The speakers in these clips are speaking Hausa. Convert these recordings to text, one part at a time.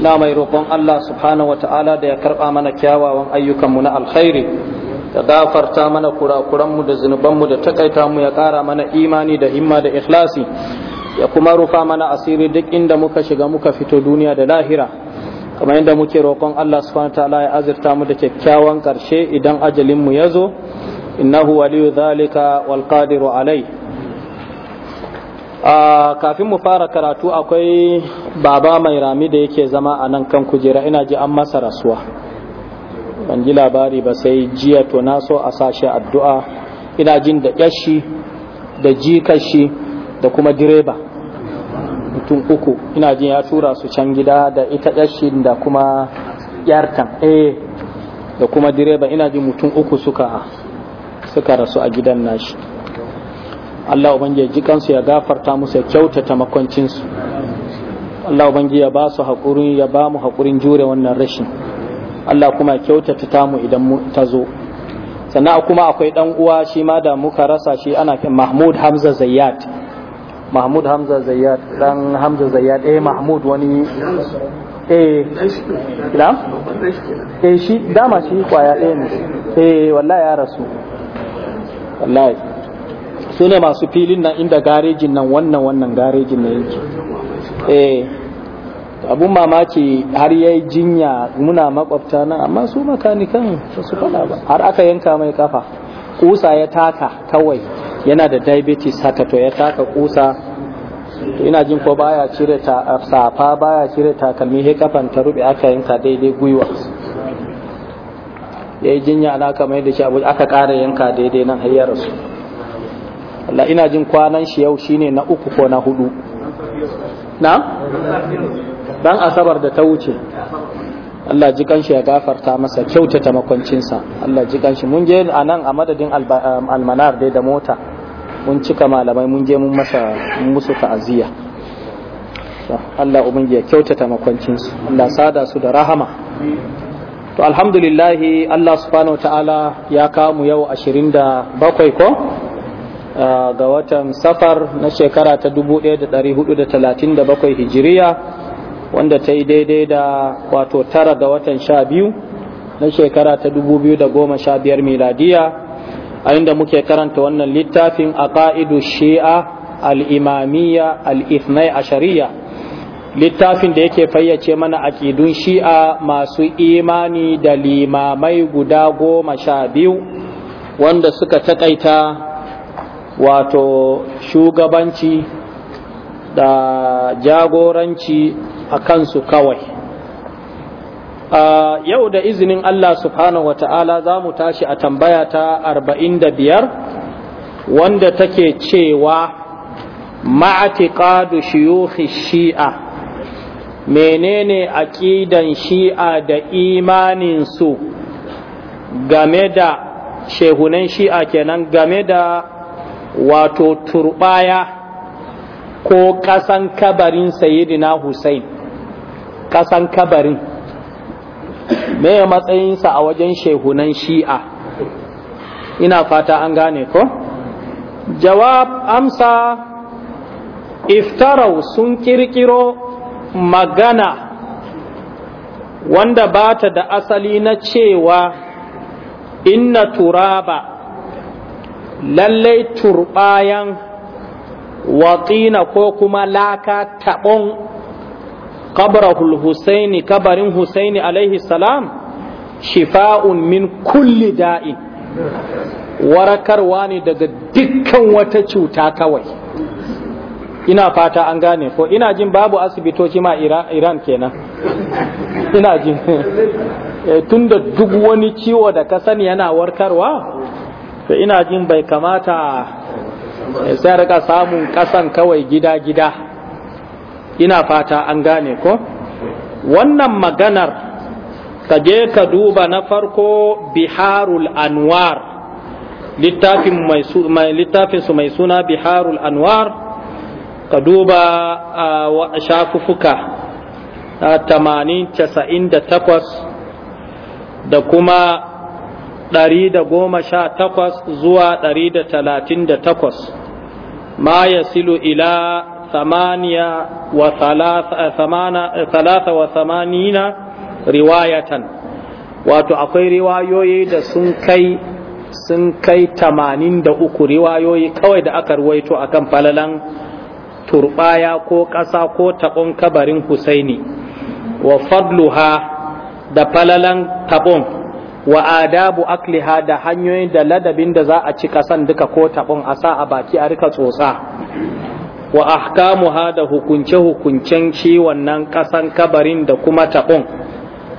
na mai roƙon Allah subhanahu wa ta'ala da ya karɓa mana kyawawan ayyukanmu na alkhairi da gafarta mana kurakuranmu da zunubanmu da takaita mu ya ƙara mana imani da himma da ikhlasi ya kuma rufa mana asiri duk inda muka shiga muka fito duniya da lahira kamar yadda muke roƙon Allah subhanahu wa ta'ala ya azurta mu da kyakkyawan ƙarshe idan ajalinmu ya zo innahu waliyu zalika wal qadiru alai kafin mu fara karatu akwai baba mai rami da yake zama a nan kan kujera ina ji an masa rasuwa ban ji labari ba sai jiya to na so a sashe addu'a ina jin da yashi da jikashi da kuma direba mutum uku ina jin ya tura su can gida da ita yashi da kuma yartan eh da kuma direba ina jin mutum uku suka suka rasu a gidan nashi Allah ubangiji ya ji kansu ya gafarta musu ya kyautata makwancinsu Allah ubangiji ya ba su haƙuri ya ba mu haƙurin jure wannan rashin Allah kuma kyautata ta mu idan mu ta zo sannan kuma akwai dan uwa shi ma da muka rasa shi ana kin Mahmud Hamza Zayyad Mahmud Hamza Zayyad dan Hamza Zayyad eh Mahmud wani eh ina? eh shi dama shi kwaya ɗaya ne eh wallahi ya rasu wallahi su ne masu filin nan inda garejin nan wannan wannan garejin na yake eh abun mamaki har ya yi jinya muna makwabta nan amma su makanikan ba su faɗa ba har aka yanka mai kafa kusa ya taka kawai yana da diabetes haka to ya taka kusa to ina jin ko baya cire ta safa baya cire takalmi he kafan ta rubi aka yanka daidai gwiwa ya yi jinya alaka mai da shi abu aka ƙara yanka daidai nan har ya rasu Allah ina jin kwanan shi yau shine na uku ko na hudu na dan asabar da ta wuce Allah ji kanshi ya gafarta masa kyautata makwancinsa Allah ji kanshi mun je a nan a madadin um, almanar dai da mota mun cika malamai mun je mun masa musu ta'aziyya Allah ubangiji ya kyautata makwancinsu Allah sada su da rahama to alhamdulillah Allah subhanahu ta'ala ya kamu yau 27 ko ga watan safar na shekara ta 1437 hijiriya wanda ta yi daidai da wato tara ga watan sha biyu na shekara ta 2015 miladiya a inda muke karanta wannan littafin a ƙa'idu shi'a al'imamiyya al'ifnai a shari'a littafin da yake fayyace mana aƙidun shi'a masu imani da limamai guda goma sha biyu wanda suka taƙaita wato shugabanci da jagoranci a kansu kawai a yau da izinin Allah subhanahu wa ta'ala za mu tashi a tambaya ta arba'in da biyar wanda take cewa ma'atiƙadu shiyuhi shi'a menene aƙidan shi'a da imaninsu game da shehunan shi'a kenan game da wato turbaya ko ƙasan kabarin sayidina Hussein ƙasan kabarin me matsayinsa a wajen shehunan shi'a ina fata an gane ko jawab amsa iftarau sun kirkiro magana wanda ba ta da asali na cewa inna turaba lallai turbayan watina ko kuma laka taɓon kabarahul husaini kabarin husaini alaihi salam shifa'un min kulli da'in warakarwa ne daga dukkan wata cuta kawai ina fata an gane ko ina jin babu asibitoci ma iran kenan ina jin eh, tunda duk wani ciwo da ka sani yana warkarwa sai ina jin bai kamata sai rika samun kasan kawai gida-gida ina fata an gane ko wannan maganar ka je ka duba na farko biharul anwar littafin su mai suna biharul anwar ka duba a shafufuka da 98 da kuma ɗari da goma sha takwas zuwa ɗari da talatin da takwas ma ya silu ila 83 eh, eh, riwayatan wato akwai riwayoyi da sun kai sun kai tamanin da uku riwayoyi kawai da aka ruwaito akan falalan turbaya ko ƙasa ko taɓon kabarin husaini wa fadluha da falalan taɓon wa adabu akliha da hanyoyin da ladabin da za a ci kasan duka ko tabon a sa a baki a rika tsotsa wa ahkamuha da hukunce hukuncen ciwon wannan kasan kabarin da kuma tabon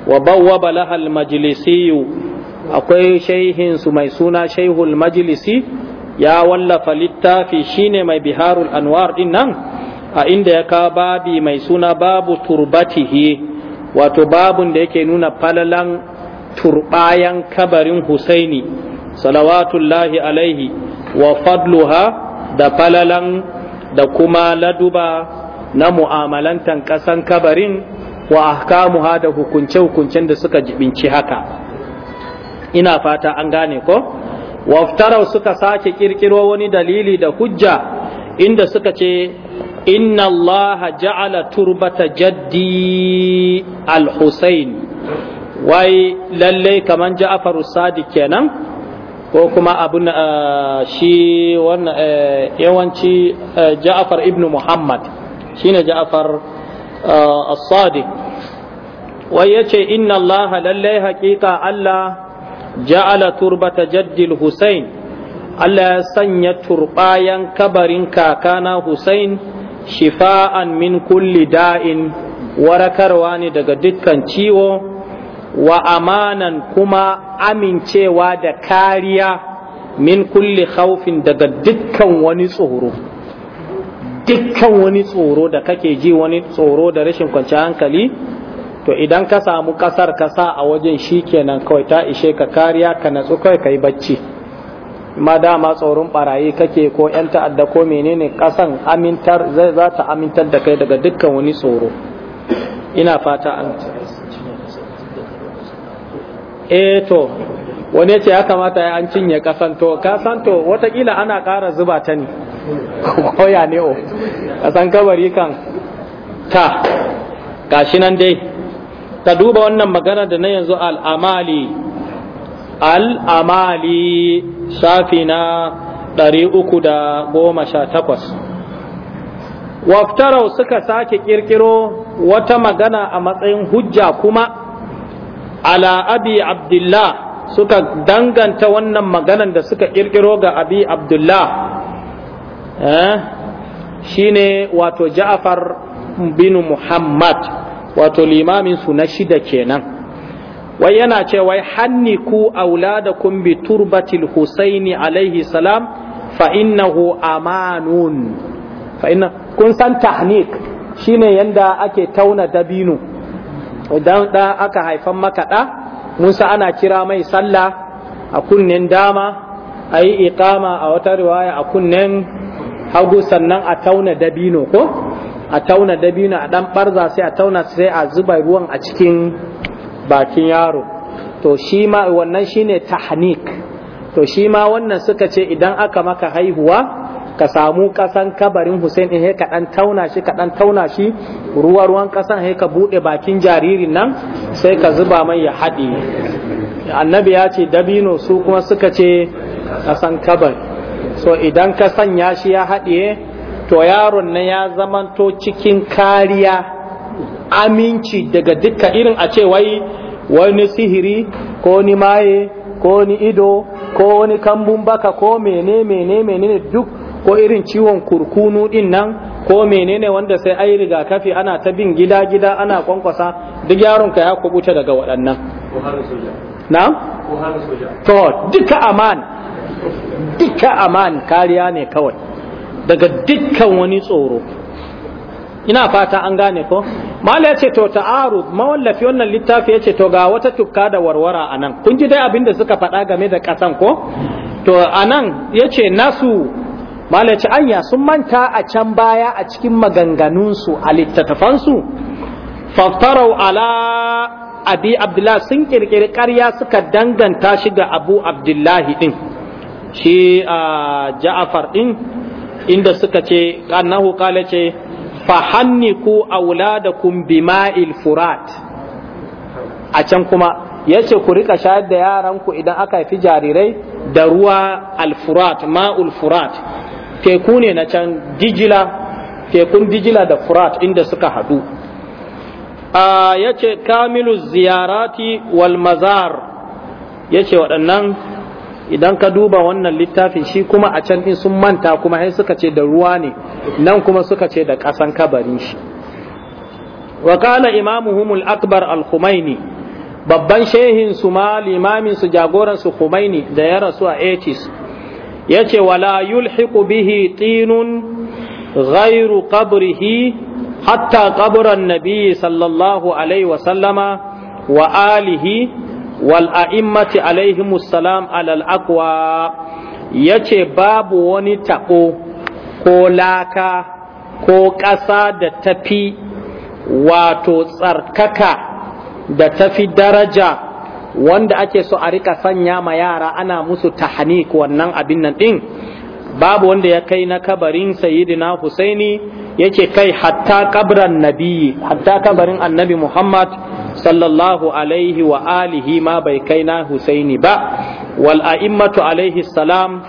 wa bawwaba lahal majlisiyu akwai shaihin su mai suna shaihul majlisi ya wallafa littafi shine mai biharul anwar din nan a inda ya kawo babi mai suna babu turbatihi wato babun da yake nuna falalan turbayan kabarin husaini salawatullahi alaihi wa fadluha da falalan da kuma laduba na mu'amalantan ƙasan kabarin wa ahkamuha da hukunce-hukuncen da suka jibinci haka ina fata an gane ko waftarau suka sake kirkiro wani dalili da hujja inda suka ce inna allaha ja'ala turbata jaddi al-husayn wai lallai kaman ja'afaru sadiq kenan ko kuma na eh, shi wannan eh, yawanci eh, ja'afar ibnu muhammad shine ja'afar as-sadiq wai yace inna allaha lallai haqiqa allah ja'ala turbata jaddil husain allah ya sanya turbayan kabarin kakana husain shifa'an min kulli da'in warakarwa ne daga dukkan ciwo wa amanan kuma amincewa da kariya min kulli khawfin daga dukkan wani tsoro dukkan wani tsoro da kake ji wani tsoro da rashin kwanci hankali to idan ka samu kasar ka sa a wajen shi kenan kawai ta ishe ka kariya ka natsu kai kai bacci ma dama tsoron barayi kake ko yan ta'adda ko menene kasan amintar zai za ta amintar da kai daga dukkan wani tsoro ina fata an eh to wani ce ya kamata ya an cinye kasan to kasan to watakila ana kara zuba ta ne koya ne o kasan kabari kan ta gashi nan dai ta duba wannan magana da na yanzu al'amali al'amali shafi na uku da goma sha takwas waftarau suka sake kirkiro wata magana a matsayin hujja kuma ala abi abdullah suka danganta wannan maganan da suka kirkiro ga abi abdullah eh? shine wato ja'far bin muhammad wato limamin su na shida kenan wai yana ce wai hanni ku auladakum bi turbatil husaini alaihi salam fa innahu amanun fa inna kun san tahnik shine yanda ake tauna dabino idan da aka haifan maka da musa ana kira mai sallah a kunnen dama a yi iqama a wata riwaya a kunnen hagu sannan a tauna dabino ko a tauna dabino a dan barza sai a tauna sai a zuba ruwan a cikin bakin yaro to shi ma wannan shine tahnik to shi ma wannan suka ce idan aka maka haihuwa ka samu kasan kabarin Hussein din he ka dan tauna shi ka dan tauna shi ruwa ruwan kasan he ka bude bakin jaririn nan sai ka zuba mai ya haɗe annabi ya ce dabino su kuma suka ce kasan kabar so idan ka ya shi ya haɗiye to yaron na ya zamanto cikin kariya aminci daga duka irin a ce wai wani sihiri ko ni maye ko ni ido ko wani kambun baka ko mene mene mene duk ko irin ciwon kurkunu din nan ko menene wanda sai ai rigakafi ana ta bin gida gida ana kwankwasa duk yaron ka ya kubuta daga waɗannan na to duka aman duka aman kariya ne kawai daga dukkan wani tsoro ina fata an gane ko mala ya ce to ta'arud mawallafi wannan littafi ya ce to ga wata tukka da warwara a nan kun ji dai abin da suka faɗa game da ƙasan ko to a nan ya ce nasu malaci anya sun manta a can baya a cikin maganganunsu a littattafansu faftarau ala abi abdullah sun kirkiri ƙarya suka danganta shi ga abu abdullahi din shi a ja'afar din inda suka ce annahu kala ce fahanniku auladakum bima'il furat a can kuma yace ku rika shayar da yaranku idan aka haifi jarirai da ruwa alfurat ma'ul furat teku ne na can dijila tekun dijila da furat inda suka haɗu ya ce kamilu ziyarati wal mazar ya ce waɗannan idan ka duba wannan littafin shi kuma a can in sun manta kuma sai suka ce da ruwa ne nan kuma suka ce da ƙasan kabarin shi wa kala imamuhumul akbar al-khumaini babban shehin su ma limamin su jagoran su khumaini da ya rasu a 80 yace wala yulhiqu bihi tinun ghairu qabrihi hatta qabran nabi sallallahu alaihi wa sallama wa alihi wal a'immati alaihimus alal aqwa yace babu wani tabo ko laka ko ƙasa da tafi wato tsarkaka da tafi daraja wanda ake so a rika sanya ma yara ana musu tahnik wannan abin nan din babu wanda ya kai na kabarin sayyidina husaini yake kai hatta kabran nabi hatta kabarin annabi muhammad sallallahu alaihi wa alihi ma bai kai na husaini ba wal a'immatu alaihi salam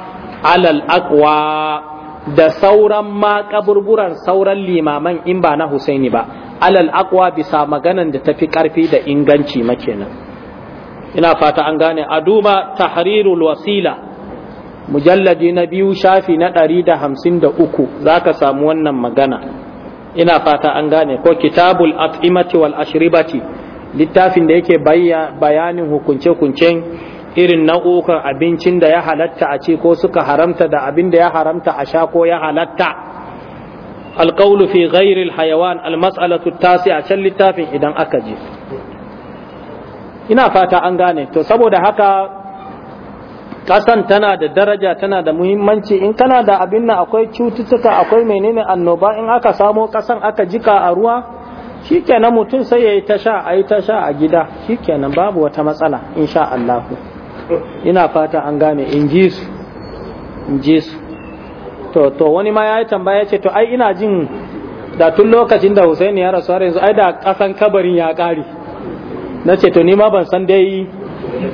alal aqwa da sauran ma kaburburan sauran limaman in ba na husaini ba alal aqwa bisa maganan da tafi karfi da inganci makenan ina fata an gane a duba tahrirul wasila mujalladi na biyu shafi na ɗari da hamsin da uku za ka samu wannan magana ina fata an gane ko kitabul at'imati wal ashribati littafin da yake bayanin hukunce-hukuncen irin nau'ukan abincin da ya halatta a ce ko suka haramta da abin da ya haramta a sha ko ya halatta alƙaulu fi ghairil hayawan almas'alatu tasi a can littafin idan aka je ina fata an gane to saboda haka kasan tana da daraja tana da muhimmanci in kana da abin nan akwai cututtuka akwai menene annoba in aka samo kasan aka jika a ruwa shikenan mutum sai yayi ta sha ayi ta sha a gida shikenan babu wata matsala insha Allah ina fata an gane in ji su in ji su to to wani ma yayi tambaya yace to ai ina jin da tun lokacin da Husaini ya rasu har yanzu ai da kasan kabarin ya kare na ce to ni ma ban san dai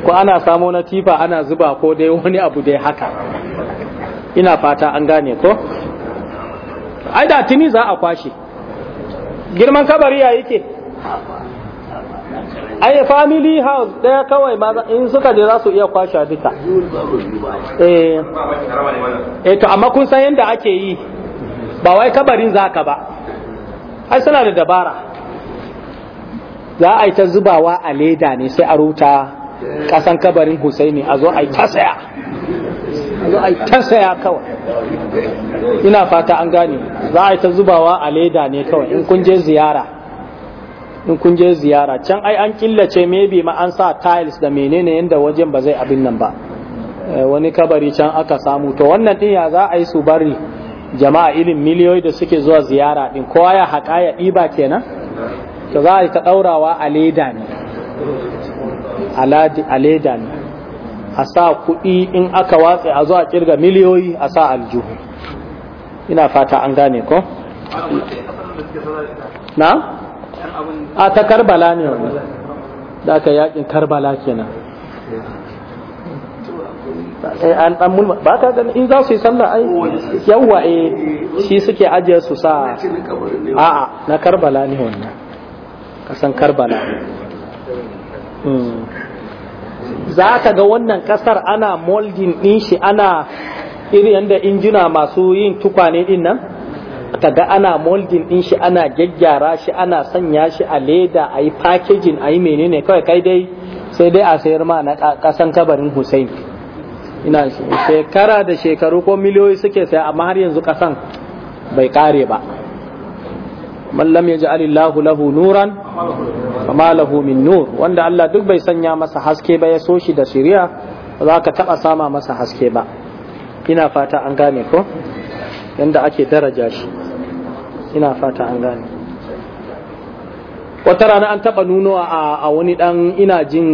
ko ana samo na tifa ana zuba ko dai wani abu dai haka ina fata an gane ko ai da tuni za a kwashe girman kabari ya yake ai family house daya kawai ma in suka je za su iya kwashe duka eh. eh to amma kun san yadda ake yi ba wai kabarin zaka ba ai suna da dabara za a yi ta zubawa a leda ne sai a ruta kasan kabarin husaini a zo a yi tasaya kawai ina fata an gane za a yi ta zubawa a leda ne kawai in kun je ziyara in kun je ziyara can ai an killace maybe ma an sa tiles da menene yadda wajen ba zai abin nan ba eh, wani kabari can aka samu to wannan din ya za a yi su bari jama'a irin miliyoyi da suke zuwa ziyara din kowa ya haƙa ya ɗiba kenan to za a yi ta ɗaurawa a leda ne a leda ne a sa kuɗi in aka watsa a zo a kirga miliyoyi a sa aljihu ina fata an gane ko na a ta karbala ne wani da aka yakin karbala kenan eh, an dan mulma ba ka gani in za su yi sallah ai yawwa eh shi suke ajiye su sa a'a na karbala ne wannan kasan karbala hmm. za ka ga wannan kasar ana moldin din shi ana iri yadda injina masu yin tukwane din nan ka ga ana moldin din shi ana gyaggyara shi ana sanya shi a leda a yi packaging a yi menene kawai kai dai sai dai a sayar ma na kasan kabarin hussein ina shekara da shekaru ko miliyoyi suke saya amma har yanzu kasan bai kare ba man lam yaj'al Allahu lahu nuran fama lahu min nur wanda Allah duk bai sanya masa haske ba ya so shi da shari'a za ka taba sama masa haske ba ina fata an gane ko yanda ake daraja shi ina fata an gane wata rana an taba nuno a wani dan ina jin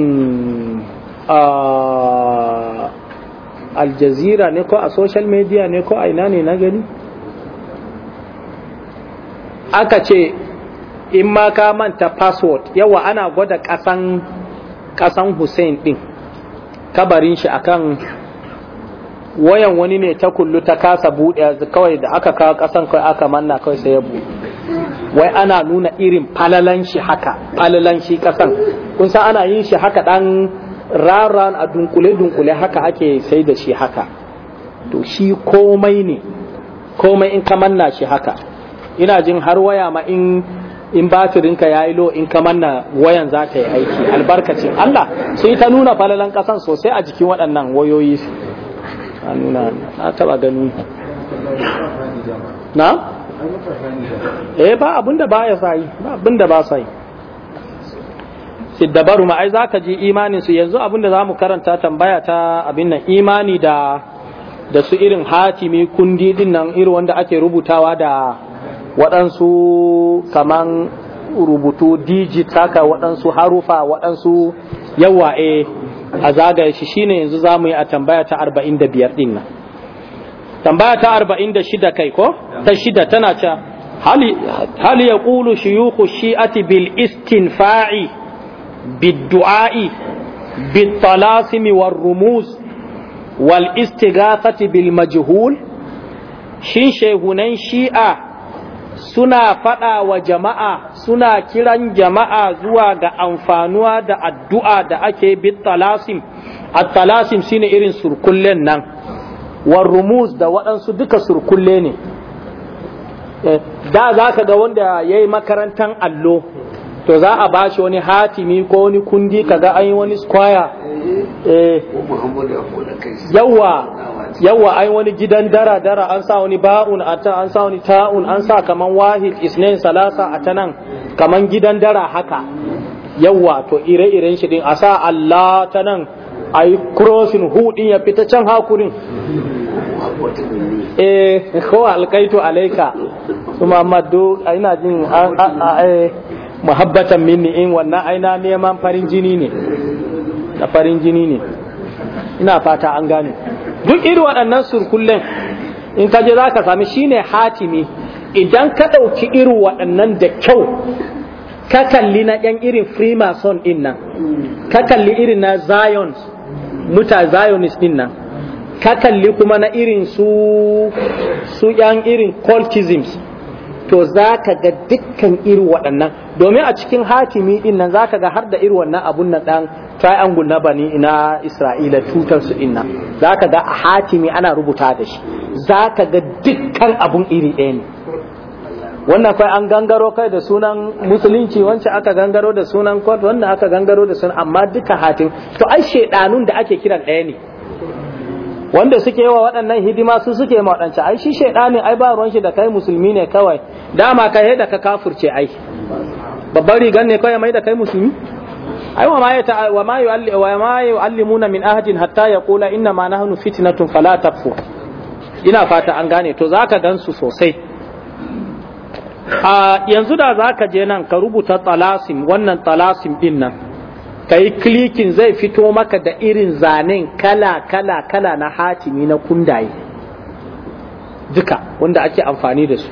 aljazira ne ko a social media ne ko a ina ne na gani aka ce in ma ka manta password yawa ana gwada kasan kasan Hussein din kabarin shi akan wayan wani ne ta kullu ta kasa buɗe kawai da aka kawo kasan kawai aka manna kawai sai ya buɗe wai ana nuna irin falalan shi haka falalan shi kasan kun san ana yin shi haka ɗan raran a dunkule dunkule haka ake sai da shi haka to shi komai ne komai in ka manna shi haka ina jin har waya ma in in batirinka ya yi lo in kamar na wayan za ta yi aiki albarkacin Allah sai ta nuna falalan kasan sosai a jikin waɗannan wayoyi a nuna na taɓa gani na? eh ba abinda ba ya sayi ba abinda ba sayi siddabaru ma ai za ka ji imanin su yanzu abinda za mu karanta tambaya ta abin nan imani da da su irin hatimi kundi din nan irin wanda ake rubutawa da waɗansu kaman rubutu digit haka waɗansu harufa waɗansu yawa e a zagaye shi shine yanzu za mu yi a tambaya ta 45 ɗin nan tambaya ta 46 kai ko ta shida tana ce hal ya ƙulu shiyuku shi'ati bil istinfa'i bid du'a'i bid talasimi war rumuz wal istighafati bil majhul shin shehunan shi'a suna faɗa wa jama'a suna kiran jama'a zuwa ga amfanuwa da addu'a da ake bit talasim at-talasim shine irin surkullen nan Warumus da waɗansu duka surkulle ne eh, da za ka ga wanda ya yi makarantar allo to za a bashi wani hatimi ko wani kundi kaga an yi wani square eh yawa ai wani gidan dara dara an sa wani ba'un ata an sa wani ta'un an sa kaman wahid isnin salasa ata nan kaman gidan dara haka yawa to ire-iren shi din a sa Allah ta nan ai crossing hudin ya fita can hakurin eh ko alkaitu alaika kuma a ina jin eh, muhabbatan minni in wannan aina neman farin jini ne da farin jini ne ina fata an gane duk irin waɗannan surkullen in ka je za ka sami shine hatimi idan ka ɗauki irin waɗannan da kyau ka kalli na yan irin freemason ɗin nan ka kalli irin na zion muta zionist ɗin nan ka kalli kuma na irin su su yan irin cultisms to za ka ga dukkan iri waɗannan domin a cikin hakimi ɗin nan za ka ga har da iri wannan abun nan ɗan triangle na bani na isra'ila tutar su ɗin nan za ka ga a hakimi ana rubuta da shi za ka ga dukkan abun iri ɗaya ne wannan kai an gangaro kai da sunan musulunci wancan aka gangaro da sunan kwat wannan aka gangaro da sunan amma duka hatin to ai shedanun da ake kiran ɗaya ne wanda suke wa waɗannan hidima su suke ma waɗanci ai shi shaidani ai ba ruwan shi da kai musulmi ne kawai dama kai da ka kafurce ai babbar rigan ne kawai mai da kai musulmi ai wa ma ya wa ma yu'alli wa ma yu'allimuna min ahadin hatta yaqula inna ma nahnu fitnatun fala takfu ina fata an gane to zaka gansu sosai a ah, yanzu da zaka je nan ka rubuta talasim wannan talasim din nan ka yi klikin zai fito maka da irin zanen kala-kala-kala na hatimi na kundaye duka wanda ake amfani da su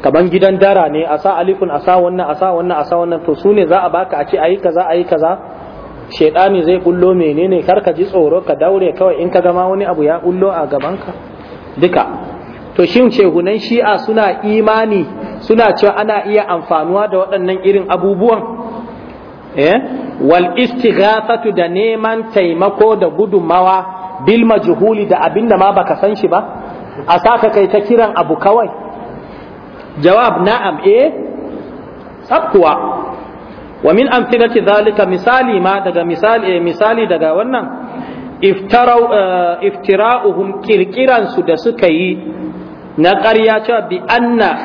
kaman gidan dara ne a sa alifin a sa wannan a sa wannan a sa wannan to su ne za a baka a ce ayi kaza ayi kaza shedani zai bullo menene kar ka ji tsoro ka daure kawai in ka gama wani abu ya bullo a gabanka duka to shin shehunan shi'a suna imani suna cewa ana iya amfanuwa da waɗannan irin abubuwan Eh? wal istighathatu da neman taimako da gudummawa bil majhuli da abinda ma baka san shi ba a saka kai ta kiran abu kawai jawab na'am eh sabkuwa wa min amthilati zalika misali ma daga misali eh, misali daga wannan iftara eh, iftira'uhum kirkiran su da suka yi na ƙarya cewa bi anna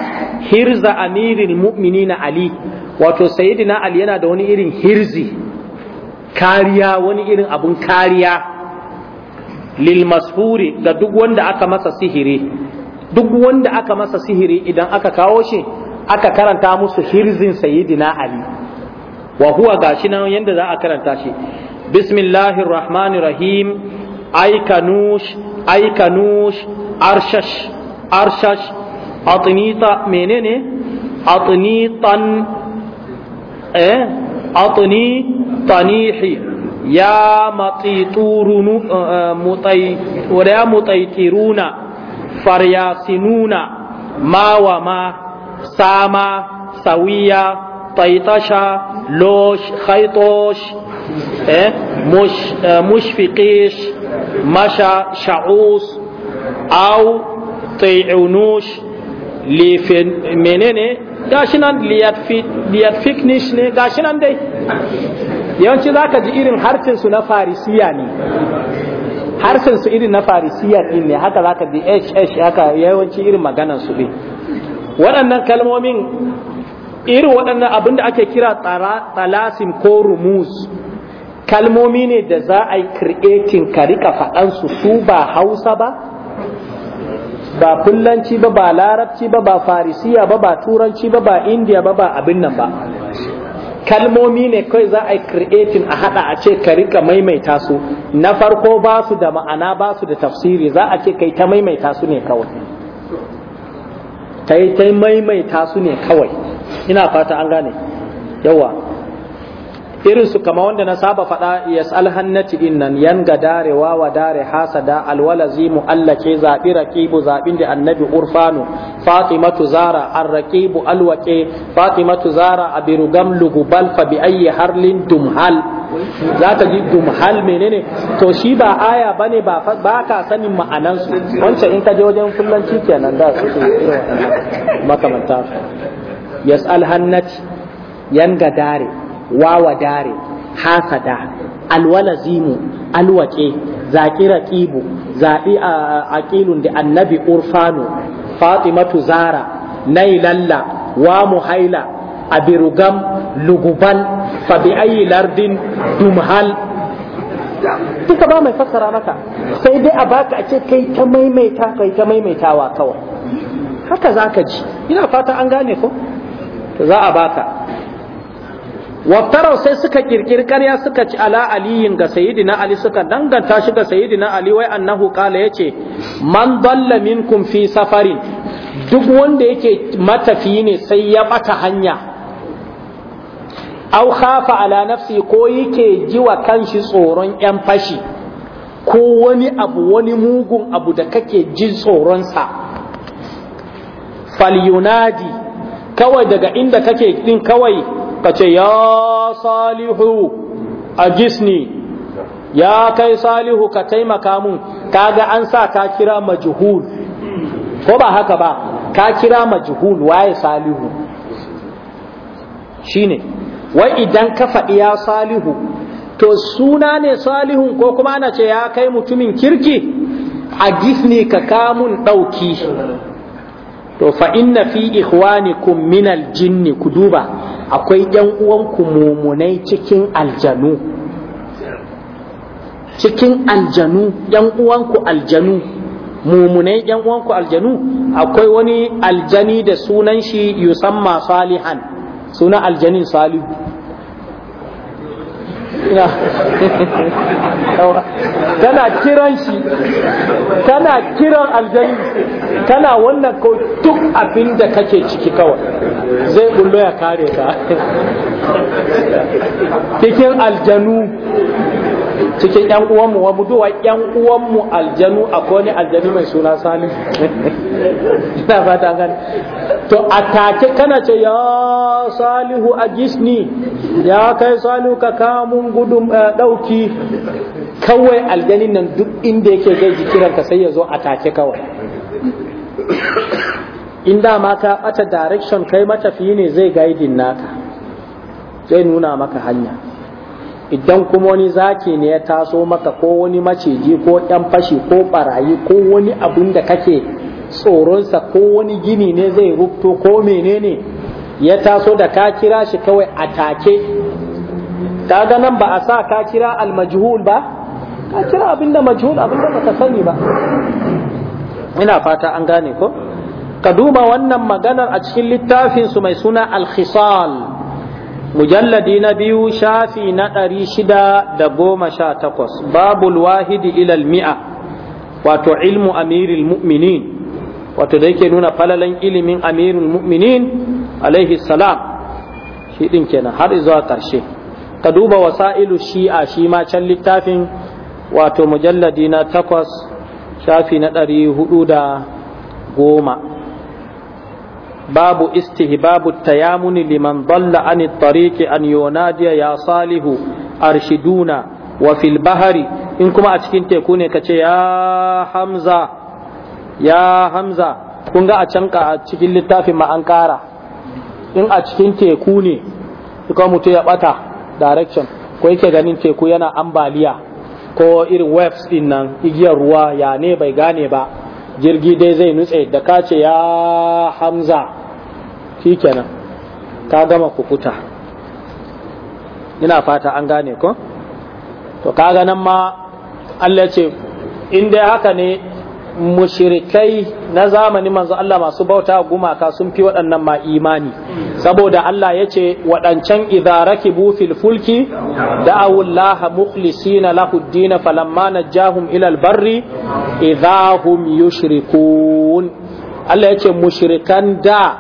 hirza amiril mu'minina ali wato sayidina ali yana da wani irin hirzi kariya wani irin abun kariya lil mashuri ga duk wanda aka masa sihiri duk wanda aka masa sihiri idan aka kawo shi aka karanta musu hirzin sayidina ali wa huwa gashi nan yanda za a karanta shi bismillahir rahmanir rahim aikanush aikanush arshash arshash atnita menene atnitan إيه؟ أطني طنيحي يا مطيطورون مطي ولا مطيطرون فرياسنون ما وما ساما سويا طيطشا لوش خيطوش إيه؟ مش مشفقيش مشا شعوس أو طيعونوش li menene gashi nan liyatfiknish ne gashinan nan dai yawanci za ka ji irin su na farisiya ne su irin na farisiya din ne haka za ka ji hh haka yawanci irin maganansu ne. waɗannan kalmomin irin waɗannan abin da ake kira talasim ko rumuz kalmomi ne da za a yi creating ka rika faɗansu su ba hausa ba ba fullanci ba ba larabci ba ba farisiya ba ba turanci ba ba indiya ba ba abin nan ba kalmomi ne kai za a yi creating a hada a ce ka rika maimaita su na farko ba su da ma'ana ba su da tafsiri za a ce kai ta maimaita su ne kawai ta ta maimaita su ne kawai ina fata an gane yawa irin su kama wanda na saba faɗa yas'al hannati innan yanga darewa wa dare hasada alwalazi mu'allake zaɓi rakibu zaɓin da annabi urfanu fatimatu zara arraqibu alwake fatimatu zara gamlu gubal fa bi ayi harlin dumhal ta ji dumhal menene to shi ba aya bane ba ba ka sanin ma'anan su wancan in ka je wajen fullanci kenan da su makamanta yas'al hannati yanga dare wawa dare hasada alwalazimu alwaƙe zaƙi raƙibu zaɓi a aƙilun da annabi urfanu fatimatu zara nailalla wa muhaila abirugam lugubal fa ayi lardin dumhal duka ba mai fassara maka sai dai a baka a ce kai ta maimaita kai ta maimaitawa kawai haka zaka ji ina fata an gane ko za a baka waftarau sai suka kirkiri karya suka ci ala aliyin ga na ali suka danganta shi ga na ali wai annahu ƙala yace man dalla minkum fi safarin duk wanda yake matafi ne sai ya bata hanya au khafa ala nafsi ko yake ji jiwa kanshi tsoron yan fashi ko wani abu wani mugun abu da kake jin tsoronsa falyunadi kawai daga inda kake din kawai ka ce ya salihu a gisni ya kai salihu ka taimaka mun kaga an sa ka kira majhul ko ba haka ba ka kira majhul waye salihu shine wai idan ka faɗi ya salihu to suna ne salihun ko kuma na ce ya kai mutumin kirki a gisni ka kamun ɗauki to fa inna fi ikhwanikum minal jinni ku duba akwai yan uwanku mumunai cikin aljanu cikin aljanu yan uwanku aljanu mumunai yan aljanu akwai wani aljani da sunan shi yusamma salihan sunan aljanin salihu tana kiran shi tana kiran aljani tana wannan ko duk abin da kake ciki kawai zai bullo ya kare ka cikin aljanu cikin yan uwanmu wa muduwa yan uwanmu aljanu akwai wani aljanu mai suna sani. ina fata gani to a take kana ce ya salihu a gisni ya kai salihu ka kamun gudun eh, ɗauki kawai aljanin nan duk inda yake zai ji kiranka sai ya zo a take kawai in dama ka bata direction kai matafiyi ne zai gaidin naka zai nuna maka hanya idan kuma wani zaki ne ya taso maka ko wani maciji ko ɗan fashi ko ɓarayi, ko wani abun da kake tsoronsa ko wani gini ne zai rubto ko menene ya taso da ka kira shi kawai a take kaga nan ba a sa ka kira almajhul ba ka kira abinda majhul abinda baka sani ba ina fata an gane ko ka duba wannan maganar a cikin littafinsu mai suna al-khisal mujalladi na biyu shafi na ɗari shida da goma sha takwas babul wahidi ilal mi'a wato ilmu amiril mu'minin wato da yake nuna falalan ilimin amirul mu'minin alaihi salam shi din kenan har zuwa karshe ka duba wasa'ilu shi'a shi ma can littafin wato mujalladi na takwas shafi na ɗari hudu da goma babu istihbabu tayamuni liman dalla an tariqi an yunadiya ya salihu arshiduna wa fil bahari in kuma a cikin teku ne kace ya hamza ya hamza kun ga a can a cikin littafin ma an in a cikin teku ne suka mutu ya bata direction ko yake ganin teku yana ambaliya ko irin waves din nan igiyar ruwa ya ne bai gane ba jirgi dai zai nutse da ka ce ya hamza kenan ka gama kukuta ina fata an gane ko to kaga nan ma Allah ce in dai haka ne mushirikai na zamani manzo Allah masu bauta gumaka sun fi waɗannan ma imani saboda Allah ya ce waɗancan idaraki fil fulki da awullaha mukhlisina lahuddina falamma najahum ilal barri idahum yushrikun Allah ya ce mushrikan da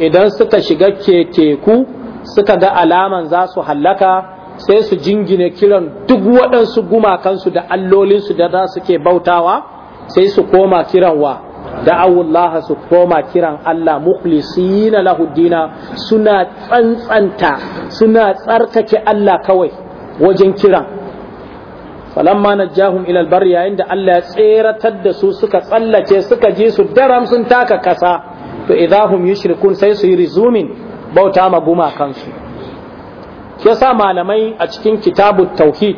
idan suka shiga keteku suka ga alaman za su hallaka sai su jingine kiran duk waɗansu gumakansu da allolinsu da za su ke bautawa sai su koma kiran wa da'awullah su koma kiran Allah mukhlisina lahu dina suna tsantsanta suna tsarkake Allah kawai wajen kiran falamma najjahum ila albar yayin da Allah ya tseratar da su suka tsallace suka je su daram sun taka kasa to idahum yushrikun sai su yi rizumin bauta ma guma kansu sa malamai a cikin kitabut tauhid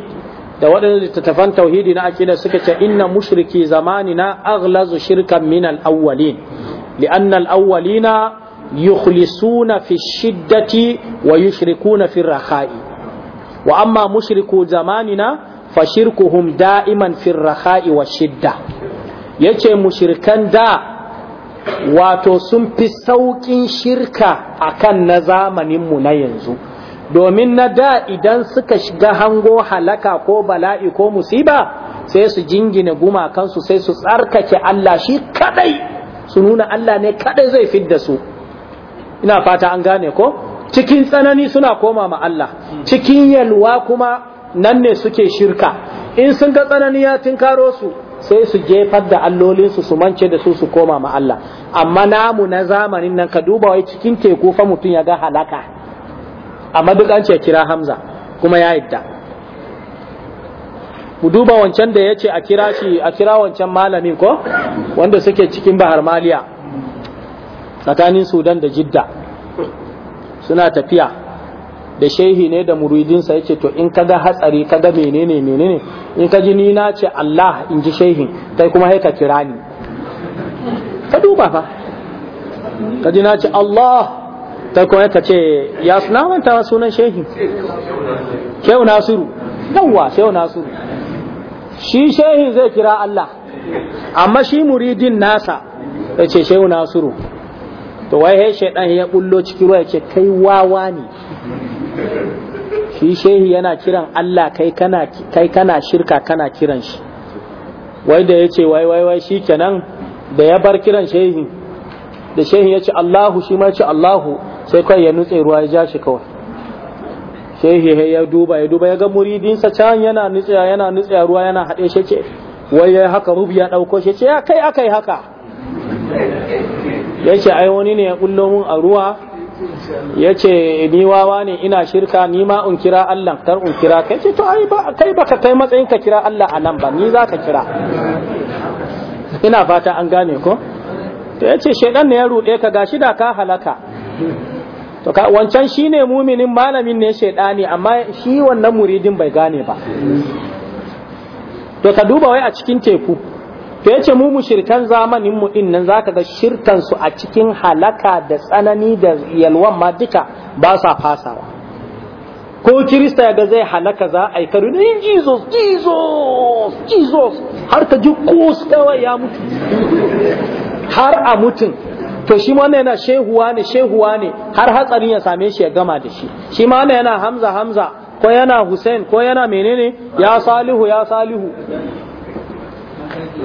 da waɗanda littattafan tauhidi na aqida suka ce inna mushriki zamanina aghlazu shirkan min al-awwalin li'anna al-awwalina yukhlisuna fi shiddati wa yushrikuna fi rakhai wa amma mushriku zamanina fa shirkuhum da'iman fi rakhai wa shidda yace mushrikan da wato sun fi saukin shirka akan na zamanin mu na yanzu domin na da idan suka shiga hango halaka ko bala'i ko musiba sai su jingina gumakansu sai su tsarkake Allah shi kadai su nuna Allah ne kadai zai fidda su ina fata an gane ko cikin tsanani suna koma ma Allah cikin yalwa kuma nan ne suke shirka in sun ga tsanani ya tinkaro su sai su jefar da allolinsu su mance da su su koma ma Allah amma namu na zamanin nan ka duba wai cikin teku fa mutum ya ga halaka amma duk an ce kira hamza kuma ya yadda mu duba wancan da ya ce a kira shi a kira wancan malamin ko wanda suke cikin bahar maliya tsakanin sudan da jidda suna tafiya da shehi ne da muridinsa ya ce to in kaga hatsari kaga menene menene in ka ji ni na ce Allah in ji shehi kai kuma haika kira ni ka duba fa ka ji na ce Allah ta kuma ta ce ya manta sunan shehi shehu nasiru yawwa shehu nasiru shi shehin zai kira Allah amma shi muridin nasa ya ce shehu nasiru to wai he shaidan ya bullo ciki ruwa ya ce kai wawa ne shi shehi yana kiran Allah kai kana kai kana shirka kana kiran shi wai da yace wai wai wai shikenan da ya bar kiran shehi da shehi ya ce Allahu shi ma ya ce Allahu sai kawai ya nutse ruwa ya ja shi kawai shehi ya duba ya duba ya ga muridinsa can yana nutse yana nutse ruwa yana haɗe shi ce wai ya haka rubi ya ɗauko shi ce ya kai aka yi haka ya ce ai wani ne ya ƙullo mun a ruwa ya ce ni wawa ne ina shirka ni ma in kira Allah kar in kira kai ce to ai ba kai baka kai matsayin ka kira Allah a nan ba ni za ka kira ina fata an gane ko to ya ce shaidan ne ya ruɗe ka gashi da ka halaka to ka wancan shine muminin malamin ne shaidani amma shi wannan muridin bai gane ba to ka duba wai a cikin teku to yace mu mushrikan zamanin mu din nan zaka ga shirkan su a cikin halaka da tsanani da yalwan ma duka ba sa fasawa ko kirista ya ga zai halaka za a yi karu ne jesus jesus jesus har ka ji kus kawai ya mutu har a mutum to shi ma wannan yana shehuwa ne shehuwa ne har hatsarin ya same shi ya gama da shi shi ma wannan yana hamza hamza ko yana hussein ko yana menene ya salihu ya salihu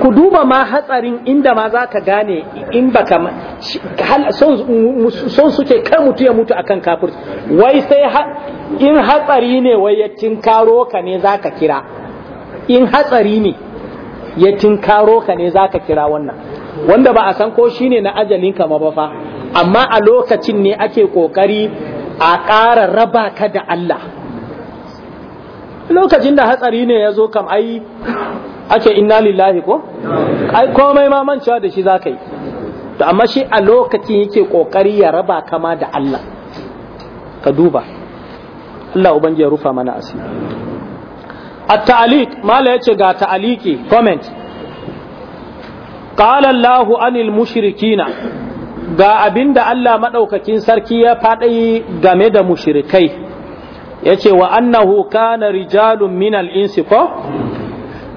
ku duba ma hatsarin inda ma za ka gane in baka son suke kar mutu ya mutu akan kafir wai sai in hatsari ne wai ya tinkaro ka ne za ka kira in hatsari ne ya tinkaro ka ne za ka kira wannan wanda ba a san ko shine na ajalin ka ba fa amma a lokacin ne ake kokari a ƙara raba ka da Allah lokacin da hatsari ne ya zo kam ai ake inna lillahi ko ai komai ma mancewa da shi za ka yi to amma shi a lokacin yake kokari ya raba kama da Allah ka duba Allah ubangiji ya rufa mana asiri at-ta'liq mala yace ga ta'liqi comment qala Allahu anil mushrikina ga abinda Allah madaukakin sarki ya faɗi game da mushrikai yace wa annahu kana rijalun minal insi ko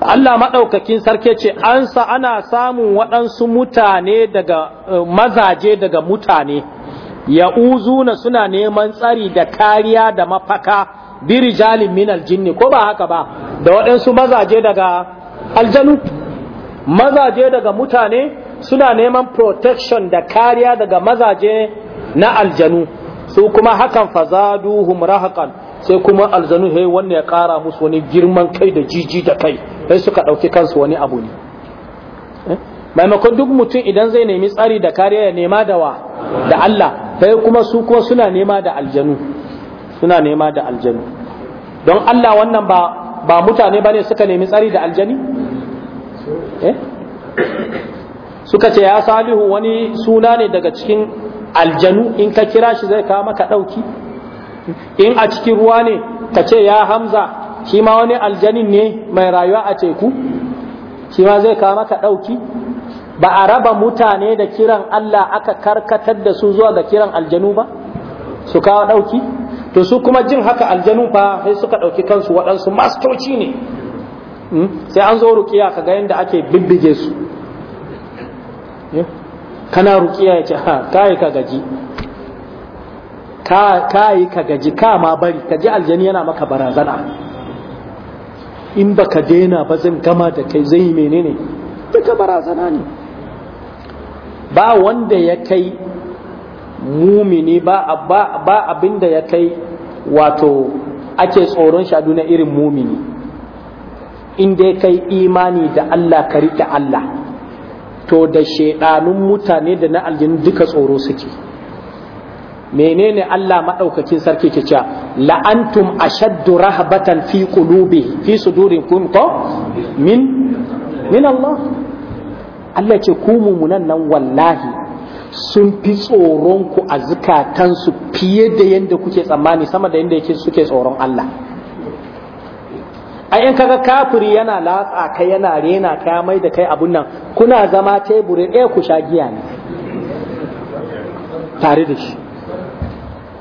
Allah maɗaukakin sarki ce an sa ana samun waɗansu mutane daga eh, mazaje daga mutane ya uzuna suna neman tsari da kariya da mafaka birijalin minal jinni ko ba haka ba da waɗansu mazaje daga aljanu mazaje daga mutane suna neman protection da kariya daga mazaje na aljanu su kuma hakan fazaduhum rahaqan sai kuma aljanu he wanne ya kara musu wani girman kai da jiji da kai sai suka dauki kansu wani abu ne eh? maimakon duk mutum idan zai nemi tsari da kariya ya nema da wa da Allah sai kuma su kuma suna nema da aljanu suna nema da aljanu don Allah wannan ba ba mutane bane suka nemi tsari da aljani Eh? suka ce ya salihu wani suna ne daga cikin aljanu in ka kira shi zai kawo maka ɗauki in a cikin ruwa ne ka ce ya hamza shi ma wani aljanin ne mai rayuwa a teku shi ma zai kawo maka ɗauki ba a raba mutane da kiran Allah aka karkatar da su zuwa ga kiran aljanu ba su kawo ɗauki to su kuma jin haka aljanu fa sai suka ɗauki kansu waɗansu mastoci ne Hmm? sai an zo rukiya kaga yadda ake bibbige su hmm? kana rukiya ya ce ha kai ka gaji kai ka gaji ka ma bari ka ji aljani yana maka barazana in ba ka daina ba zan gama da kai zai menene duka barazana ne ba wanda ya kai mumini ba abinda ya kai wato ake tsoron shadu na irin mumini in dai kai imani da Allah ka riƙe Allah to da shaidanun mutane da na aljinu duka tsoro suke menene Allah maɗaukakin sarki ke cewa la'antum ashaddu rahbatan fi qulubi fi kun ko min min Allah Allah ce ku mumunan nan wallahi sun fi tsoron ku a zukatansu fiye da yadda kuke tsammani sama da yadda suke tsoron Allah ai in kaga kafiri yana latsa kai yana rena ka mai da kai abun nan kuna zama teburi ɗaya eh, ku sha giya ne tare da shi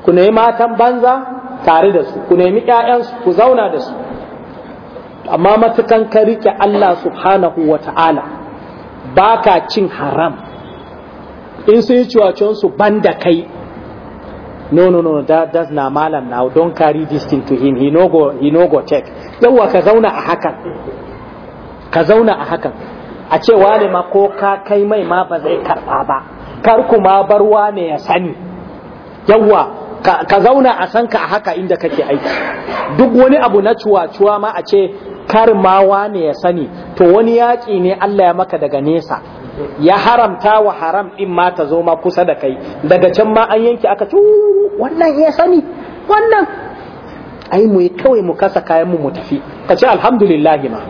ku nemi matan banza tare da su ku nemi ƴaƴansu ku zauna da su amma matukan ka rike Allah subhanahu wa ta'ala baka cin haram in sun yi ciwacen su banda kai no no no that that's na malam now don't carry this thing to him he no go he no go check yawa ka zauna a hakan ka zauna a hakan a ce wale ma ko ka kai mai ma ba zai karba ba kar kuma bar wane ya sani yawa ka zauna a san ka a haka inda kake aiki duk wani abu na cuwa-cuwa ma a ce kar ma wane ya sani to wani yaƙi ne Allah ya maka daga nesa ya haramta wa haram ɗin ma ta zo ma kusa da kai daga can ma an yanke aka ci wannan ya sani wannan ai mu kawai mu kasa kayan mu mu tafi ka ce alhamdulillah ma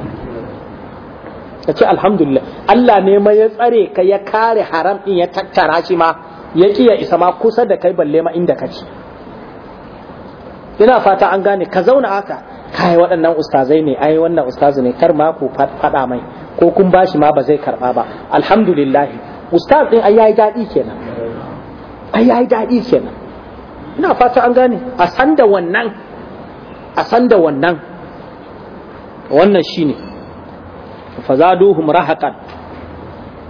ka ce alhamdulillah Allah ne ma ya tsare ka ya kare haram ɗin ya tattara shi ma ya ki ya isa ma kusa da kai balle ma inda kake ina fata an gane ka zauna haka kai waɗannan ustazai ne ai wannan ustazu ne kar ma ku faɗa mai ko kun bashi ma ba zai karɓa ba alhamdulillah ustaz din ai yayi daɗi kenan ai yayi daɗi kenan ina fata an gane a san da wannan a san da wannan wannan shine fazaduhum rahaqan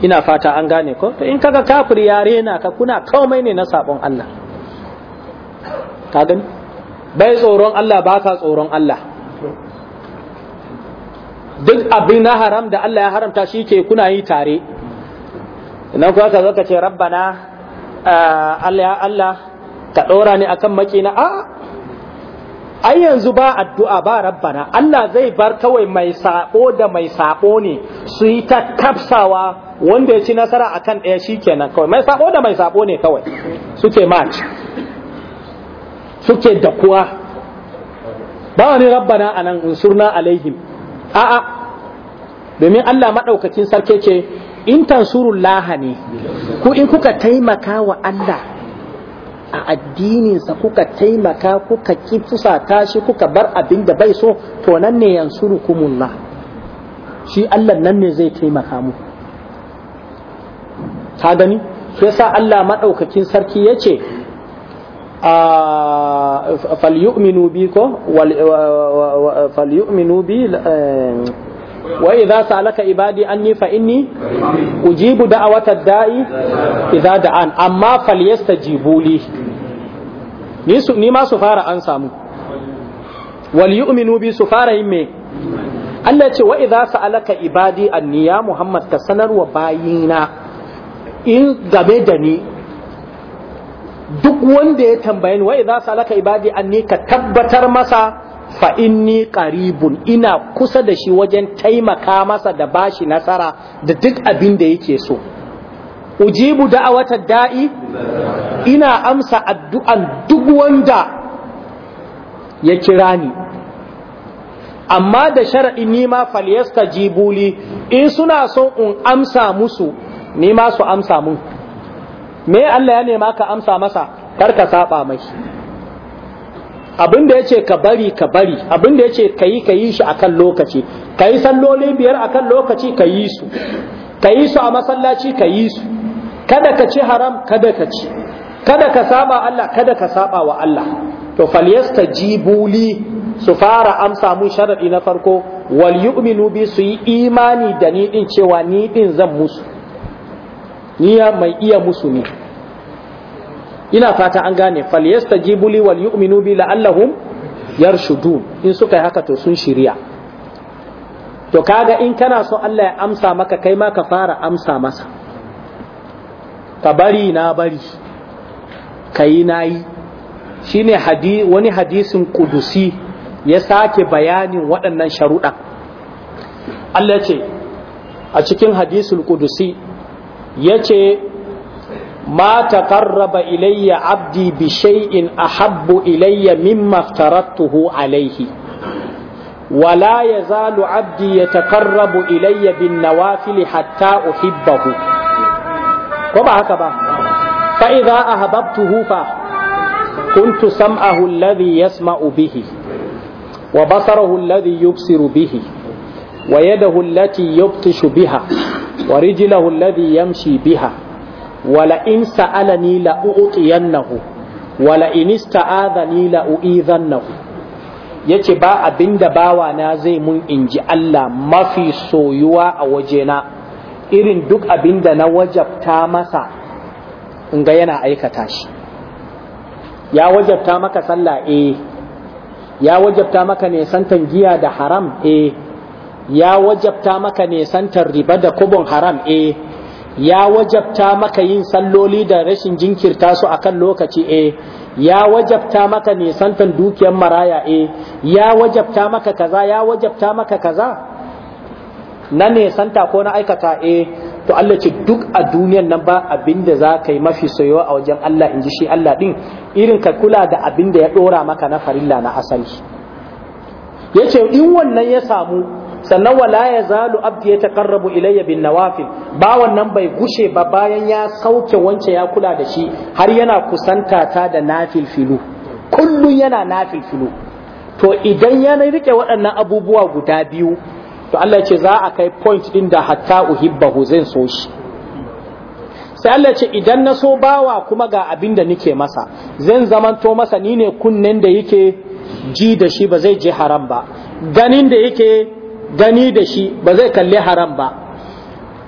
ina fata an gane ko to in kaga kafir ya rena ka kuna komai ne na sabon Allah ka gani bai tsoron Allah ba ka tsoron Allah duk abin na haram da Allah ya haramta shi ke kuna yi tare nan kuwa ka zo ka ce rabbana Allah ya Allah ka ɗora ni akan makina a ai yanzu ba addu'a ba rabbana Allah zai bar kawai mai sako da mai sako ne su yi ta tafsawa wanda ya ci nasara akan ɗaya shi kenan kawai mai sako da mai sako ne kawai suke match suke da kuwa ba wani rabbana a nan unsurna alaihim a'a domin Allah maɗaukakin sarki ce in laha ne ku in kuka taimaka wa Allah a addininsa kuka taimaka kuka ki fusata shi kuka bar abin da bai so to nan ne yansurukumullah shi Allah nan ne zai taimaka mu ka gani sa Allah maɗaukakin sarki ya ce falyu'minu bi ko falyu'minu bi wa idza salaka ibadi anni fa inni ujibu da'wata da'i amma falyastajibu li ni su ni ma su fara an samu wal bi su fara Allah ce wa idza sa'alaka ibadi anni Muhammad ka sanarwa bayina in game da ni duk wanda ya tambaye ni wa idza salaka ibadi anni ka tabbatar masa fa inni qaribun ina kusa da shi wajen taimaka masa da bashi nasara da duk abin da yake so ujibu da'awata da'i ina amsa addu'an duk wanda ya kira ni amma da shar'i nima ma jibuli in suna son in amsa musu nima su amsa mun me Allah ya nema ka amsa masa kar ka saba mai abin da yace ka bari ka bari abin da yace kayi kayi shi akan lokaci kayi salloli biyar akan lokaci kayi su kayi su a masallaci kayi su kada ka ci haram kada ka ci kada ka saba Allah kada ka saba wa Allah to falyastajibuli su fara amsa mun sharadi na farko wal yu'minu bi su yi imani da ni din cewa ni din zan musu Niya mai iya musu ne ina fata an gane falyastajibu li wal yu'minu bi la'allahum yarshudun in suka yi haka to sun shirya to kaga in kana so Allah ya amsa maka kai ma ka fara amsa masa ka bari na bari kayi nayi shine hadi wani hadisin kudusi ya sake bayanin waɗannan sharuɗa Allah ce a cikin hadisul kudusi ya ce ma ta ƙarraba ilayya abdi bi shay'in ahabbu ilayya mimma aftarattuhu alaihi wala ya zalu abdi ya ta ilayya bin nawafili hatta uhibbahu ko ba haka ba fa'iza a hababtuhu fa kuntu sam'ahu alladhi yasma'u bihi wa basarahu alladhi yubsiru bihi wa yadahu allati yubtishu biha wa rijlahu alladhi yamshi biha wala in sa'alani la u'tiyannahu wala in ista'adani la u'idhannahu yace ba abinda bawa na zai mun inji Allah mafi soyuwa a wajena irin duk abinda na wajabta masa in ga yana aikata shi ya wajabta maka sallah eh ya wajabta maka ne santan giya da haram eh ya wajabta maka nesantar riba da kubun haram eh ya wajabta maka yin salloli da rashin jinkirta su akan lokaci eh ya wajabta maka ne santan dukiyar maraya eh ya wajabta maka kaza ya wajabta maka kaza na ne ko na aikata eh to Allah ce duk a duniyan nan ba abin za ka yi mafi soyuwa a wajen Allah in ji shi Allah ɗin irin ka kula da abinda ya ɗora maka na farilla na asali yace in wannan ya samu sannan wala ya zalu abdi ya taqarrabu ilayya bin nawafil ba wannan bai gushe ba bayan ya sauke wance ya kula da shi har yana kusanta ta da nafil filu kullun yana nafil filu to idan ya rike waɗannan abubuwa guda biyu to Allah ce za a kai point din da hatta uhibbahu zan so shi sai Allah ce idan na so bawa kuma ga abin da nike masa zan zamanto masa ni ne kunnen da yake ji da shi ba zai je haram ba ganin da yake gani da shi ba zai kalli haram ba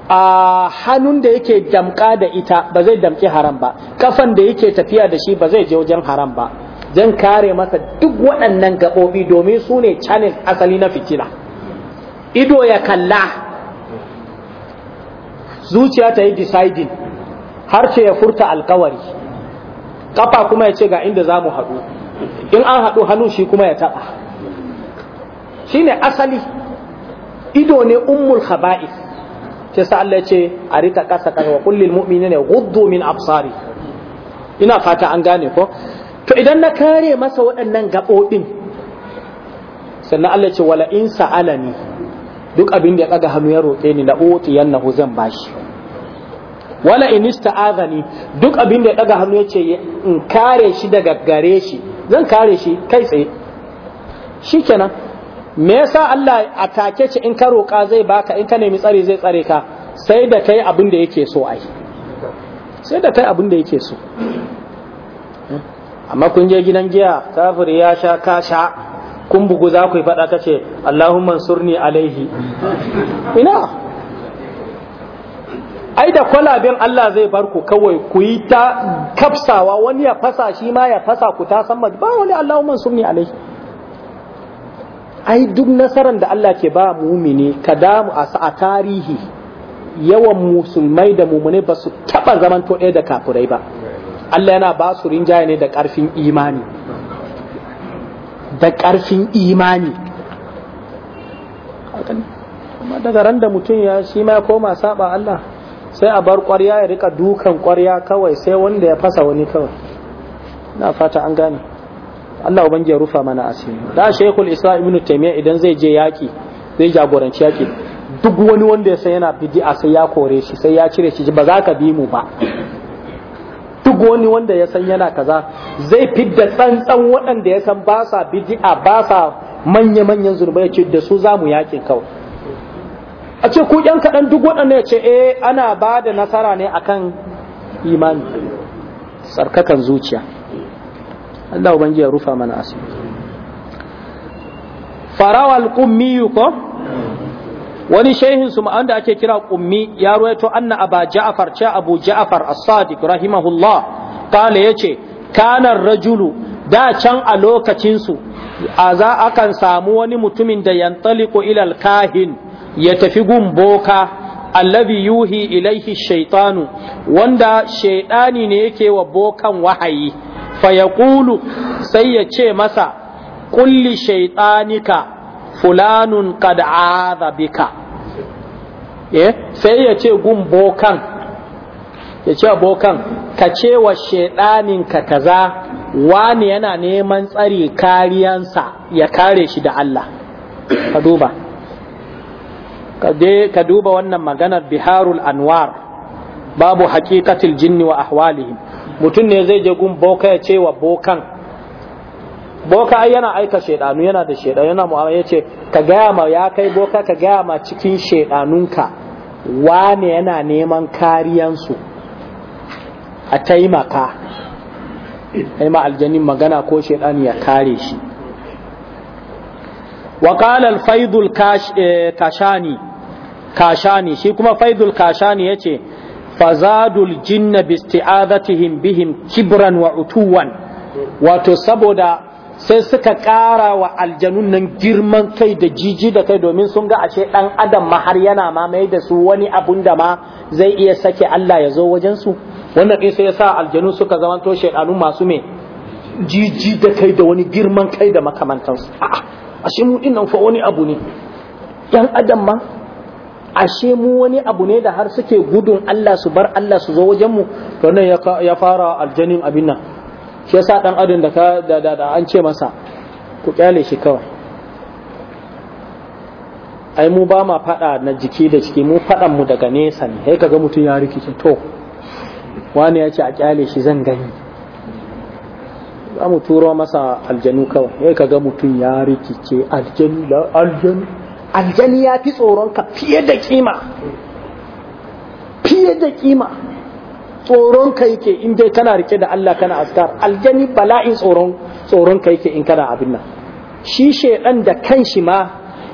a hannun da yake damƙa da ita ba zai damki haram ba kafan da yake tafiya da shi ba zai je wajen haram ba zan kare masa duk waɗannan gaɓoɓi domin su ne canin asali na fitila ido ya kalla zuciya ta yi deciding ce ya furta alkawari Ƙafa kuma ya ce ga inda za mu haɗu in an haɗu hannu shi kuma ya taɓa shi ne asali ido ne ummul khaba'is sai sa Allah ce a rika kasa kasa wa kullil mu'minina ghuddu min absari ina fata an gane ko to idan na kare masa waɗannan gabobin sannan Allah ce wala in sa'alani duk abin da ya ɗaga hannu ya roƙe ni na la utiyannahu zan bashi wala in ista'azani duk abin da ya kaga hannu yace in kare shi daga gare shi zan kare shi kai tsaye shikenan me yasa Allah a take ce in ka roƙa zai baka in ka nemi tsare zai tsare ka sai da kai abin da yake so ai sai da kai abin da yake so amma kun je gidan giya kafir ya sha ka sha kun bugu za ku yi faɗa ka ce Allahumma surni alaihi ina ai da kwalaben Allah zai bar ku kawai ku yi ta kafsawa wani ya fasa shi ma ya fasa ku ta san ba wani Allahumma sunni alaihi. ai duk nasarar da Allah ke ba mumini ka damu a sa tarihi yawan musulmai da mumune ba su taɓa zamanto ɗaya da kafurai ba Allah yana ba su rinjaye ne da ƙarfin imani da ƙarfin imani amma daga ran da mutum ya shi ma koma saba Allah sai a bar ƙwarya ya rika dukan ƙwarya kawai sai wanda ya fasa wani kawai na fata an gane Allah ubangiji ya rufa mana asiri da shaykhul islam ibn taymiya idan zai je yaki zai jagoranci yaki duk wani wanda ya san yana bid'a sai ya kore shi sai ya cire shi ba za ka bi mu ba duk wani wanda ya san yana kaza zai fidda tsantsan waɗanda ya san ba sa bid'a ba sa manya-manyan zurbai ya ce da su za mu yakin kawai a ce ku ɗan kaɗan duk waɗanda ya ce eh ana ba da nasara ne akan imani tsarkakan zuciya Allah ubangiji ya rufa mana asiri farawal qummi ko wani shehin su da ake kira ƙummi ya ruwaito anna aba ja'far cha abu ja'far as-sadiq rahimahullah kana yace kanar rajulu da can a lokacin su a za akan samu wani mutumin da yantaliqu ila al-kahin ya tafi gun boka allazi yuhi ilaihi shaitanu wanda shaidani ne yake wa bokan wahayi fa yaqulu sai ya ce masa kulli shaitanika fulanun qad bika eh sai ya ce gun bokan ya ce bokan ka ce wa ka kaza wani yana neman tsare kariyansa ya kare shi da Allah ka duba ka duba wannan maganar biharul anwar babu haqiqatil jinni wa ahwalihim mutum ne zai je gun boka ya ce wa bokan boka ai yana aika shaidanu yana da shedan yana mu'amala ya ce ka gaya ma ya kai boka ka gaya ma cikin shaidanunka wane yana neman kariyansu a taimaka ai ma aljanin magana ko shaidan ya kare shi wa qala al faidul eh, kashani kashani shi kuma faidul kashani yace fazadul jinna bi bihim kibran wa wato saboda sai suka ƙara wa aljanun nan girman kai da jiji da kai domin sun ga ashe ɗan adam ma har yana ma mai da su wani abun da ma zai iya sake Allah ya zo wajen su wannan kai sai ya sa aljanu suka zamanto shaidanu masu me jiji da kai da wani girman kai da makamantansu a'a ashe mu ɗin nan fa wani abu ne ɗan adam ma ashe mu wani abu ne da har suke gudun Allah su bar Allah su zo wajen mu to nan ya fara aljanin abin nan shi yasa dan adam da da da an ce masa ku kyale shi kawai ai mu ba ma fada na jiki da jiki mu fadan mu daga nesa ne sai kaga mutum ya rikice to wani ya ce a kyale shi zan gani za mu turo masa aljanu kawai sai kaga mutum ya rikice aljanu aljanu aljani ya fi tsoronka fiye da kima fiye da kima tsoronka yake in dai kana rike da Allah kana askar aljani bala'in tsoron tsoronka yake in kana abin nan shi shedan da kanshi ma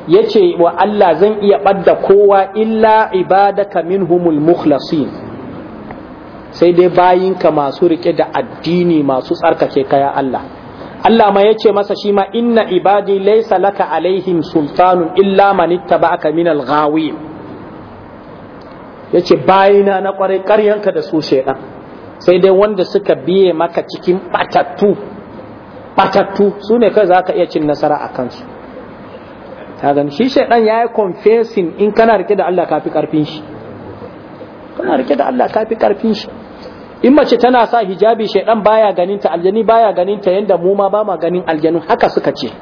yace wa Allah zan iya badda kowa illa ibadaka minhumul mukhlasin sai dai bayinka masu rike da addini masu tsarkake kaya Allah Allah ma yace masa shi ma inna ibadi laysa laka alaihim sultanun illa man ittaba'aka minal ghawin yace bayina na kwarai karyanka da su shedan sai dai wanda suka biye maka cikin batattu sune su ne kai zaka iya cin nasara a kansu Ta gani shi ya yayi confessing in kana rike da Allah karfin shi kana rike da Allah kafi karfin shi in mace tana sa hijabi shaidan baya ganinta aljani baya ganinta yanda mu ma ba ganin aljanu haka suka ce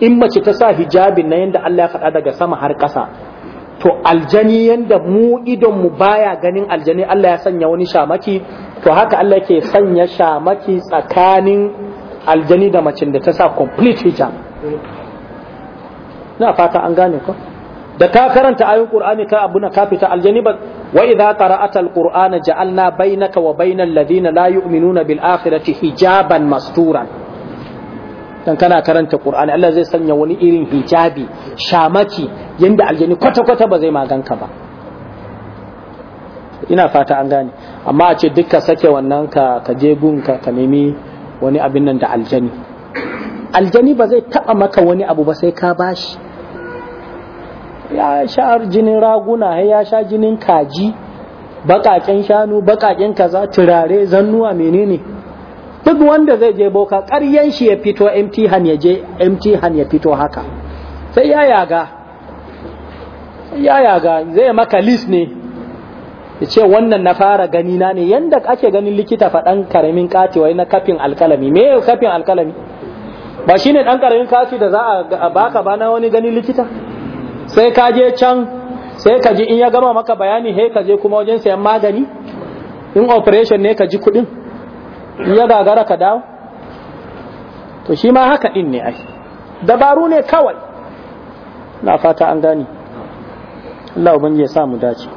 in mace ta sa hijabin na yanda Allah ya faɗa daga sama har ƙasa to aljani yanda mu idon mu baya ganin aljani Allah ya sanya wani shamaki to haka Allah yake sanya shamaki tsakanin aljani da macin da ta sa complete hijab na fata an gane ko da ta karanta ayin qur'ani ka abuna ka fita aljani ba wa idza qara'ata alqur'ana ja'alna bainaka wa bainan ladina la yu'minuna bil akhirati hijaban masturan dan kana karanta qur'ani Allah zai sanya wani irin hijabi shamaki yanda aljani kwata kwata ba zai maganka ba ina fata an gane amma a ce dukka sake wannan ka ka je gunka ka nemi wani abin nan da aljani aljani ba zai taba maka wani abu ba sai ka bashi ya sha jinin raguna ya sha jinin kaji bakaken shanu bakaken kaza turare zannuwa menene duk wanda zai je boka ƙaryen shi ya fito empty hand ya je empty hand ya fito haka sai ya yaga ya yaga zai maka list ne ya ce wannan na fara gani na ne yanda ake ganin likita faɗan karamin katewai na kafin alkalami me kafin alkalami ba shine ɗan karamin kafi da za a baka ba na wani ganin likita sai ka je can sai ka ji in ya gama maka bayani he ka je kuma wajen sayan magani in operation ne ka ji kuɗin in ya gagara ka dawo to shi ma haka din ne ai dabaru ne kawai na fata an gani Allah ubangi ya sa mu dace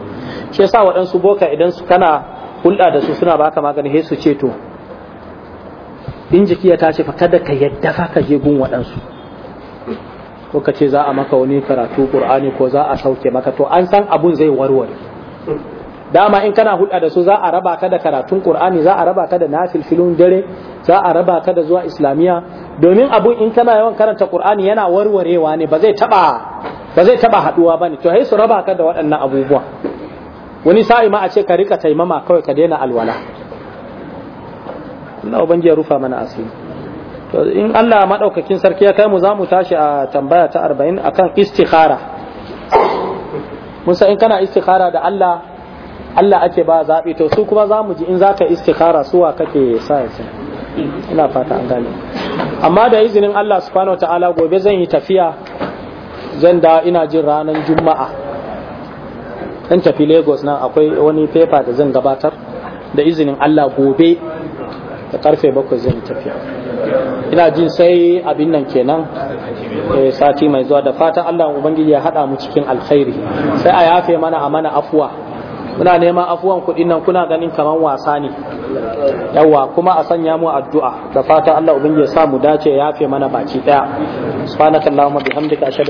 shi yasa waɗansu boka idan su kana hulɗa da su suna baka magani he su ce to in jiki ya tashi fa kada ka yadda fa ka je gun waɗansu ko ka ce za a maka wani karatu qur'ani ko za a sauke maka to an san abun zai warware dama in kana hulɗa da su za a raba ka da karatun qur'ani za a raba ka da nafilfilun dare za a raba ka da zuwa islamiyya domin abun in kana yawan karanta qur'ani yana warwarewa ne ba zai taba ba zai taba haduwa bane to haisu su raba ka da waɗannan abubuwa wani sa'i ma a ce ka rika taimama kawai ka daina alwala Allah ubangiji ya rufa mana asiri to in Allah madaukakin sarki ya kai mu za mu tashi a tambaya ta 40 akan istikhara musa in kana istikhara da Allah Allah ake ba zaɓi to su kuma za mu ji in za ka istikhara suwa kake sa ina fata an gane amma da izinin Allah subhanahu wa ta'ala gobe zan yi tafiya zan da ina jin ranar juma'a dan tafi Lagos nan akwai wani paper da zan gabatar da izinin Allah gobe da karfe bakwai zai tafiya ina jin sai abin nan kenan eh, sati mai zuwa da fatan Allah ubangiji ya haɗa mu cikin alkhairi sai a yafe mana a mana afuwa muna neman afuwan kuɗin nan kuna ganin kaman wasa ne yawa kuma a sanya mu addu'a da fatan Allah ubangiji ya sa mu dace ya yafe mana baki ɗaya. subhanakallahumma bihamdika